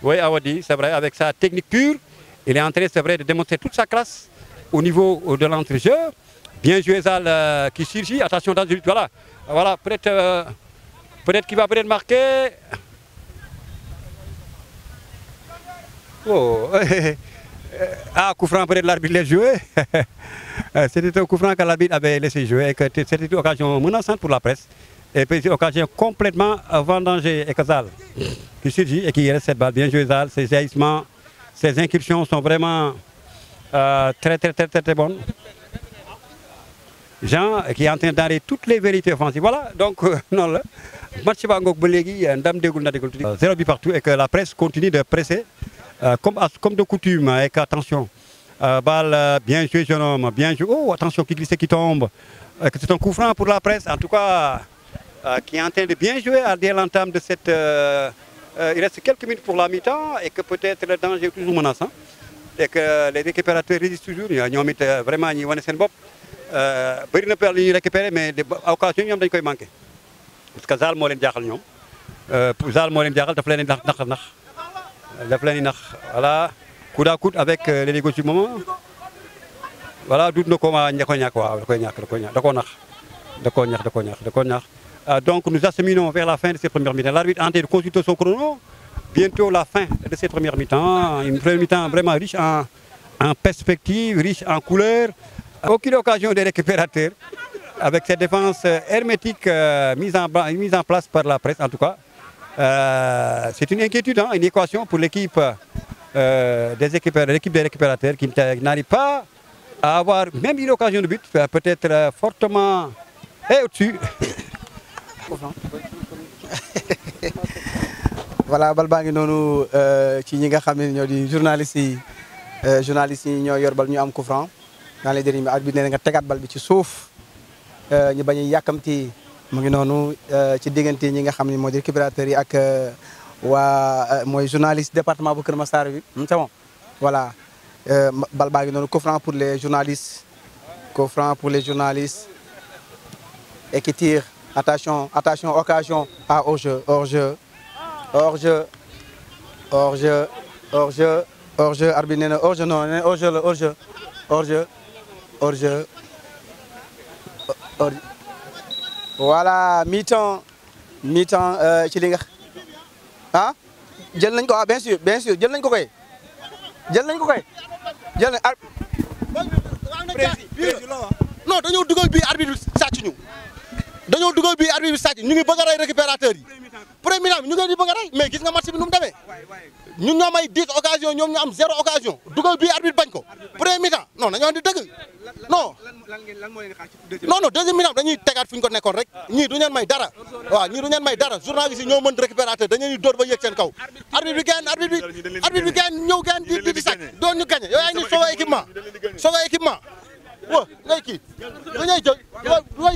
Oui, Awadi, c'est vrai, avec sa technique pure, il est en c'est vrai, de démontrer toute sa classe au niveau euh, de l'entre-jeu. Bien joué Zal euh, qui surgit, attention dans voilà. Voilà, peut-être euh, peut qu'il va peut marquer. Oh. ah, coup franc peut-être l'arbitre l'a joué. C'était un coup franc que l'arbitre avait laissé jouer que c'était une occasion menaçante pour la presse. Et puis occasion complètement vendangé et que Zal, qui surgit et qui reste cette balle. Bien joué Zal, ses jaillissements, ses incursions sont vraiment très, très, très, très, très bonnes. Jean qui est en train d'arrêter toutes les vérités offensives. Voilà, donc non, le match va en Zéro but partout et que la presse continue de presser comme, comme de coutume et qu'attention. balle, bien joué jeune homme, bien joué. Oh, attention qui glisse et qui tombe. c'est un coup franc pour la presse. En tout cas, euh, qui est en train de bien jouer à dès l'entame de cette... Euh, euh, il reste quelques minutes pour la mi-temps et que peut-être le danger est toujours menaçant. Et que les récupérateurs résistent toujours. Ils ont vraiment une ont bob. bëri na ne li les récupérer, mais occasion ñoom dañ koy manqué parce que Zal moo leen jaaxal ñoom Zal moo leen jaaxal daf leen nakh. nax nax daf leen nakh. voilà Coup à coude avec les négociations du moment voilà dut na ko ma da koy ñàkk waaw da koy ñàkk da koy ñàkk da koo nax da koo ñax da koo ñax da koo ñax euh, donc nous acheminons vers la fin de ces premières mi-temps. L'arbitre en de consulter son chrono. Bientôt la fin de ces premières mi-temps. Une première mi-temps vraiment riche en, en perspectives, riche en couleurs. Aucune occasion de récupérateur, avec cette défense euh, hermétique euh, mise, en, place par la presse en tout cas. c'est une inquiétude, hein, une équation pour l'équipe des, récupérateurs qui n'arrive pas à avoir même une occasion de but, peut-être fortement eh, au-dessus voilà bal nonu ngi noonu euh, ci ñi nga xamni ñoo di journalistes yi euh, journalistes yi ñoo yor bal ñu am coup franc dans les derniers arbitre bi nee nga tegaat bal bi ci euh ñu bañ a yàkkamti mu ngi euh ci digënté ñi nga xamni ne moo yi ak euh, wa moy journaliste département bu keur Massar bi hmm, c'est bon voilà bal baa nonu pour les journalistes coup pour les journalistes et qui tire Attention, attention, occasion à hors-jeu, hors-jeu, hors-jeu, hors-jeu, hors-jeu, hors-jeu, arbitre jeu non hors-jeu hors-jeu, hors-jeu, voilà mi-temps mi-temps euh, chilinga. Hein ah jël ko j'ai bien sûr bien sûr jël J'ai ko jël ko J'ai jël non arbitre ñu. dañoo dugal bii arbitre bi sàcc ñu ngi bëgg a yi premier mi di bëgg a rey mais gis nga match bi nu mu demee ñoom ay 10 occasion ñoom ñu am zéro occasion dugal bii arbitre bañ ko premier mi-temps non nañoo di dëgg non non non deuxième mi-temps dañuy tegaat fu ko nekkoon rek ah. ñii du may dara waaw ñii du may dara journaliste yi ñoo mën récupérateur dañuy dóor ba yëg seen kaw arbitre bi gën arbitre bi arbitre di di doon ñu gagné yow yaa ngi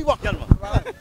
wa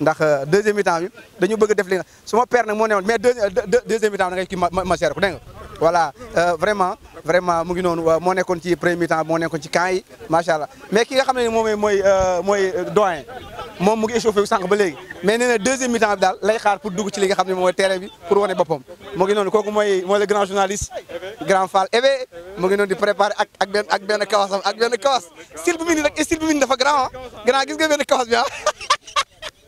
ndax euh, deuxième mi-temps bi dañu bëgg def li suma père nag moo newoon mais deuxième mi-temps da ngay kii ma cher ko deng nga voilà euh, vraiment vraiment mu ngi noonu mo nekkoon ci premier mi-temps mo nekkoon ci camp yi machallah mais ki nga xamné ne moy mooy mooy euh, doyen mom mu ngi échauffer wu sànq ba légui mais nee na deuxième mi-temps dal lay xaar pour dugg ci li nga xamné moy terrain bi pour woné bopom mu ngi noonu kooku moy moy le grand journaliste grand Fall Ebe mu ngi non di préparer ak ak ben ak benn kawas ak ben kawas style bu mu nii style bu mu dafa grand ah. grand gis nga ben kawas bi ha ah.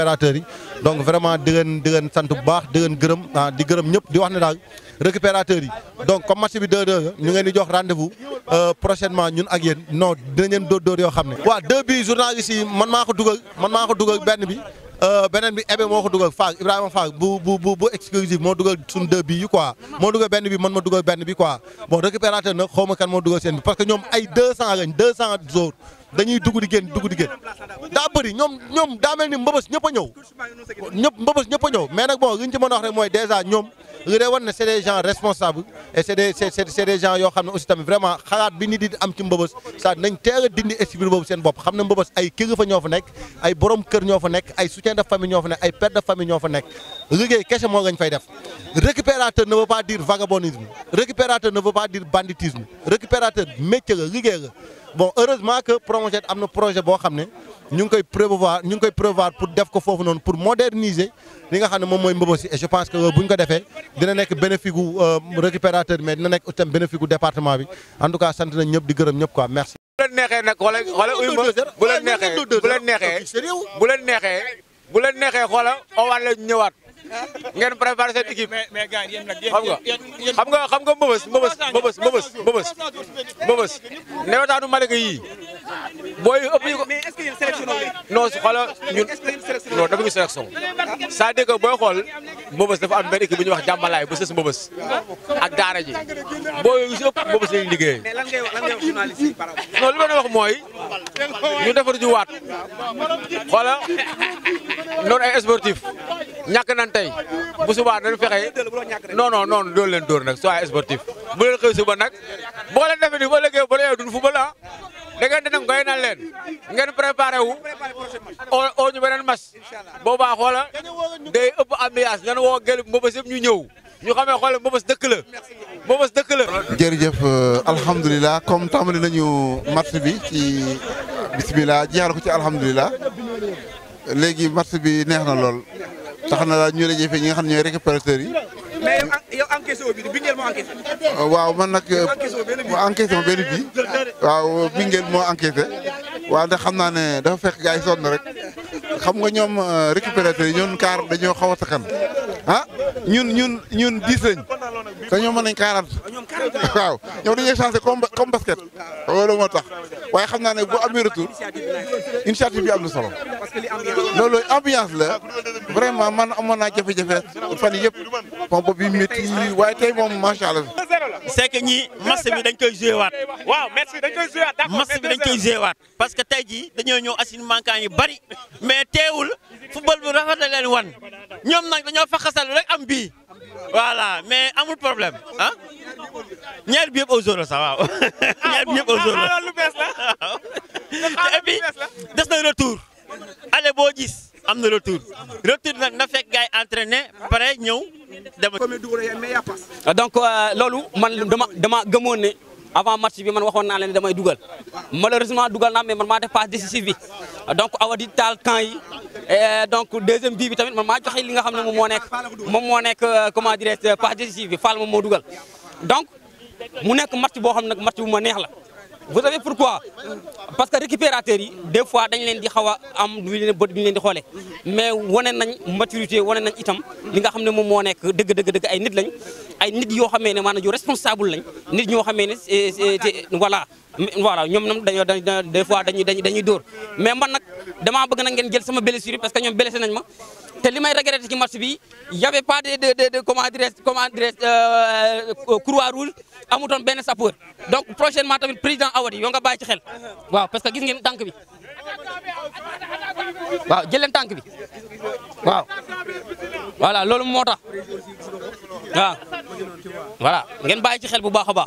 récupérateurs yi donc vraiment di ngeen di ngeen sant bu baax di ngeen gërëm ah, di gërëm ñëpp di wax ne daal récupérateurs yi donc comme match bi 2-2 ñu ngeen di jox rendez-vous euh, prochainement ñun ak yéen non dinañ leen dóor dóor yoo xam ne. waaw deux bi journaliste yi man maa ko dugal man maa ko dugal benn bi euh, beneen bi Ebe moo ko dugal Faag Ibrahima Faag bu bu bu bu exclusive moo dugal suñu deux bi yi moo dugal benn bi man ma dugal benn bi quoi bon récupérateur nag kan moo dugal seen bi parce que ñoom ay dañuy dugg di génn dugg di génn daa bëri ñoom ñoom daa mel ni mbëbës ñëpp a ñëw ñëpp mbëbës ñëpp a ñëw mais nag bon a wax rek mooy dèjà lii day c'est des gens responsables et c'est des c'est c'est des gens yoo xam aussi tamit vraiment xalaat bi nit di am ci mbëbës sa nañ teel dindi esprit bobu sen bop xam ne ay kër ñoo fa nekk ay borom kër ñoo fa nekk ay soutien de famille ñoo fa nekk ay père de famille ñoo fa nekk liggéey kese moo lañ fay def récupérateur ne veut pas dire vagabondisme récupérateur ne veut pas dire banditisme récupérateur métier la liguey la bon heureusement que Promoged am projet bo xamné ñu ngi koy prévoir ñu ngi koy prévoir pour def ko foofu noonu pour moderniser li nga xam ne moom mooy Mbeubeuss et je pense que euh, bu ko defee dina nekk bénéfice gu euh, récupérateur mais dina nekk itam bénéfice gu département bi en tout cas sant nañ di gërëm ñëpp quoi merci. bu leen neexee nag bu leen neexee bu leen neexee bu leen neexee bu leen neexee xoola owaat la ñëwaat ngeen préparé seen xam nga xam nga xam nga Mbeubeuss Mbeubeuss Mbeubeuss Mbeubeuss Mbeubeuss Mbeubeuss neewataanu Malika yii booy ëpp ñu ko mais est-ce que yéen sélection non si booy xool mbëbës dafa am benn équipe bu ñu wax jàmbalaay bu sës mbëbës ak daara ji booy yu si ëpp mbëbës lañuy liggéey mais lan ngay wax lan yi non li ma wax mooy ñu defar ju waat xoolal noonu ay sportif ñàkk nañ tey bu subaa nañ fexe non non non doolu leen nag soo ay bu leen xëy suba nag boo leen defee ni ba léegi ba léegi duñ football ah da ngeen di nangu naan leen ngeen préparé wu oo oo ñu beneen mas boobaa xoola day ëpp ambiance ngeen woo gël Mbeubeuss ñu ñëw ñu xamee xoola Mbeubeuss dëkk la Mbeubeuss dëkk la. jërëjëf euh, alhamdulilah comme tàmbali nañu match bi ci bisimilah jeexal ko ci alhamdulilah léegi match bi neex na lool tax na ñu la jëfee ñi nga xam ne ñooy récupérateurs yi. Euh, waaw man nag. ma encaissé ma benn bii waaw Bingel moo encaissé. waa ndax xam naa ne dafa fekk gars yi na rek xam nga ñoom euh, récupérateur yi ñun kaar dañoo xaw a sakkan ah ñun ñun ñun diis te ñoom mën nañ 40. waaw ñoom dañuy changé comme comme basket. loolu moo tax waaye xam naa ne boo amee retour initiative bi am na solo. loolu ambiance la vraiment man amoon naa jafe-jafe fan yëpp moom bopp bi métti waaye tey moom macha allah. c'est ñi match bi dañ koy joué waat. waaw match bi dañ koy joué waat d'accord tey jii dañoo ñëw assurer manquant bari mais teewul football bu rafet la leen wan ñoom nag dañoo fa rek am bii. voilà mais il problème hein? a au ça waaw. Ah il au ah, et puis ah, retour. allez boo gis a le retour retour y na fekk gars entraîné y ñëw dem. donc euh, loolu man Donc, dama Lolo, demain avant match bi man waxoon naa malheureusement dugal n'a mais man donc awadi taal kan yi euh, donc deuxième bii bi tamit man maa joxe li nga xam ne mo nek nekk mo nek euh, comment dire je passe décisive bi Fall moom moo dugal donc mu nek match bo xam nak match bu ma neex la vous savez pourquoi parce que récupérateur yi des fois dañ leen di xawa am lu leen bët ñu leen di xolé mais woné nañ maturité woné nañ itam li nga xam ne mo nek deug deug deug ay nit lañ ay nit yoo xamee ne maanaam yu responsable lañ nit ñoo xamee ne eh, eh, voilà voilà ñoom ñoom dañoo da des fois dañuy dañuy dóor mais man nag damaa bëgg na ngeen jël sama bele blessure parce que ñoom blessé nañ ma te li may regretté ci match bi y avait pas de de de comment dirais comment dirais euh, croix rouge amutoon benn sapeur donc prochainement tamit président Awadi yoo nga bàyyi ci xel waaw parce que gis ngeen tànk bi waaw jël leen tànk bi waaw voilà loolu moo tax waaw voilà ngeen bàyyi ci xel bu baax a baax.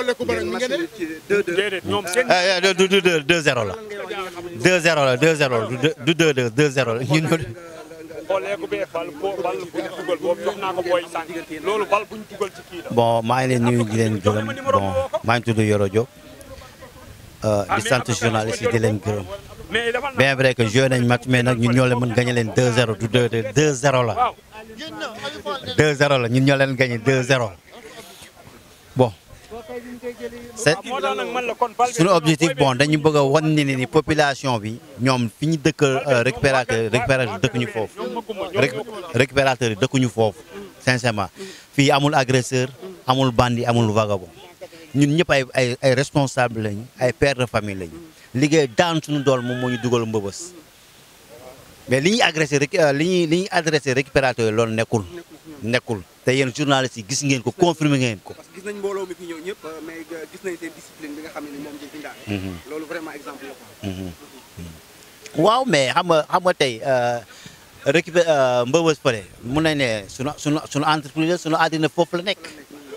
Eh, eh, du du deux deux zéro la deux zéro la deux zéro du deux deux deux zéro la ñun bon maa ngi leen nuyu di leen gërëm bon maa ngi tudd Yoro Diop euh, di ah, sant journaliste yi di leen gërëm. bien vrai que joué nañ match mais nag ñun gagné 2-0 du 2-0 là, 2-0 la ñun ñoo leen gagné 2-0 bon c'est ah, suñu objectif bon dañu bëgg a population ni ni population bi ñom récupérer ñu dëkk euh, récupérateur récupérateur dëkkuñu foofu récupérateur yi dëkkuñu foofu sincèrement fi amul agresseur amul bandi amul vagabond ñun ñëpp ay ay responsable lañu ay père de famille lañu liggéey daan suñu dool moom moo ñu dugal mbëbës mais li ñuy agressé rek euh, li ñuy li ñuy adressé récupérateur yi loolu nekkul nekkul te yéen journaliste yi gis ngeen ko confirmé ngeen ko. parce que gis nañ mbooloo mi euh, mais gis nga xam ne moom ci indaale. Mhm. loolu vraiment exemple la mhm. waaw mais xam xam tey euh, récupéré mbëbës pare mun nañ ne sunu sunu sunu entreprise sunu àddina foofu la nekk.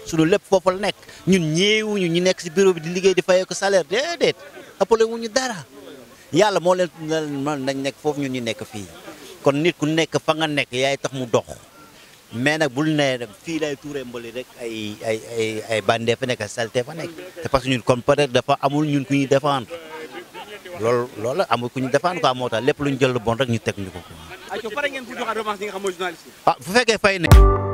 sunu lépp foofu la nekk ñun ñeewuñu ñu nekk si bureau bi di liggéey di fayee ko salaire ëppale wu ñu dara yàlla moo leen man nañ nekk foofu ñun ñu nekk fii kon nit ku nekk fa nga nekk yaay tax mu dox mais nag bul ne fii lay tuuree mbali rek ay ay ay ay bandee fa nekk salte fa nekk te parce ñun kon pare dafa amul ñun ku ñuy défendre loolu loolu amul ku ñu défendre quoi moo tax lépp lu ñu jël lu bon rek ñu teg ñu ko. ayca ah, fekkee fay ne.